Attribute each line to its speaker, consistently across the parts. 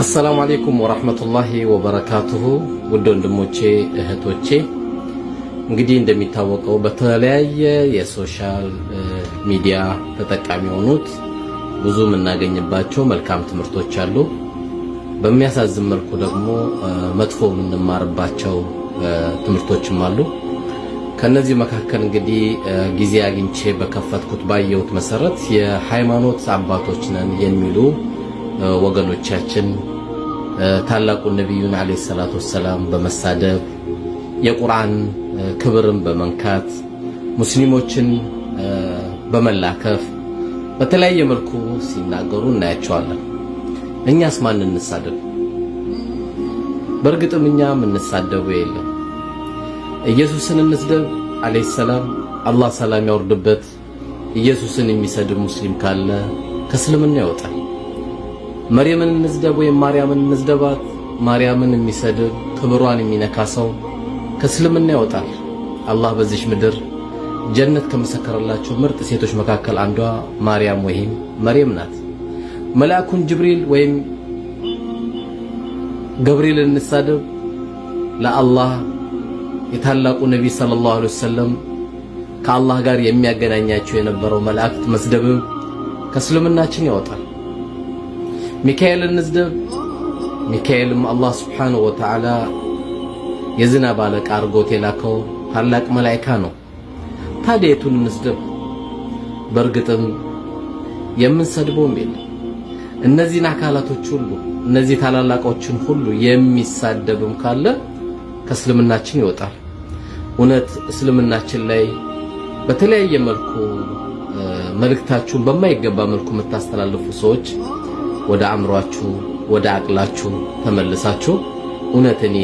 Speaker 1: አሰላሙ አሌይኩም ወራህመቱላሂ ወበረካቱሁ ውድ ወንድሞቼ እህቶቼ፣ እንግዲህ እንደሚታወቀው በተለያየ የሶሻል ሚዲያ ተጠቃሚ የሆኑት ብዙ የምናገኝባቸው መልካም ትምህርቶች አሉ። በሚያሳዝን መልኩ ደግሞ መጥፎ የምንማርባቸው ትምህርቶችም አሉ። ከነዚህ መካከል እንግዲህ ጊዜ አግኝቼ በከፈትኩት ባየሁት መሰረት የሃይማኖት አባቶች ነን የሚሉ ወገኖቻችን ታላቁን ነቢዩን አለይሂ ሰላቱ ወሰላም በመሳደብ የቁርአን ክብርን በመንካት ሙስሊሞችን በመላከፍ በተለያየ መልኩ ሲናገሩ እናያቸዋለን። እኛስ ማን እንሳደብ? በእርግጥም እኛ የምንሳደቡ የለም። ኢየሱስን እንስደብ አለይሂ ሰላም፣ አላህ ሰላም ያወርድበት። ኢየሱስን የሚሰድብ ሙስሊም ካለ ከእስልምና ይወጣል። መርየምን እንስደብ ወይም ማርያምን እንስደባት። ማርያምን የሚሰድብ ክብሯን የሚነካ ሰው ከእስልምና ያወጣል። አላህ በዚች ምድር ጀነት ከመሰከረላቸው ምርጥ ሴቶች መካከል አንዷ ማርያም ወይም መርየም ናት። መልአኩን ጅብሪል ወይም ገብርኤል እንሳደብ ለአላህ የታላቁ ነቢይ ሰለላሁ ዐለይሂ ወሰለም ከአላህ ጋር የሚያገናኛቸው የነበረው መላእክት መስደብም ከእስልምናችን ያወጣል። ሚካኤልን እንዝደብ። ሚካኤልም አላህ ስብሓንሁ ወተዓላ የዝናብ አለቃ አርጎት የላከው ታላቅ መላይካ ነው። ታዲያ የቱን እንስደብ? በእርግጥም የምንሰድበውም የለም። እነዚህን አካላቶች ሁሉ እነዚህ ታላላቆችን ሁሉ የሚሳደብም ካለ ከእስልምናችን ይወጣል። እውነት እስልምናችን ላይ በተለያየ መልኩ መልእክታችሁን በማይገባ መልኩ የምታስተላልፉ ሰዎች ወደ አእምሯችሁ ወደ አቅላችሁ ተመልሳችሁ እውነት እኔ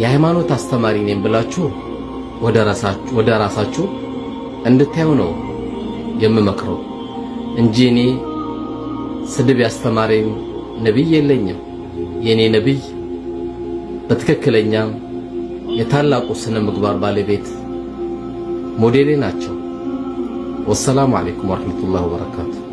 Speaker 1: የሃይማኖት አስተማሪ ነኝ ብላችሁ ወደ ራሳችሁ እንድታዩ ነው የምመክረው እንጂ እኔ ስድብ ያስተማረኝ ነቢይ የለኝም። የኔ ነቢይ በትክክለኛ የታላቁ ስነ ምግባር ባለቤት ሞዴሌ ናቸው። ወሰላሙ አለይኩም ወራህመቱላሂ ወበረካቱ።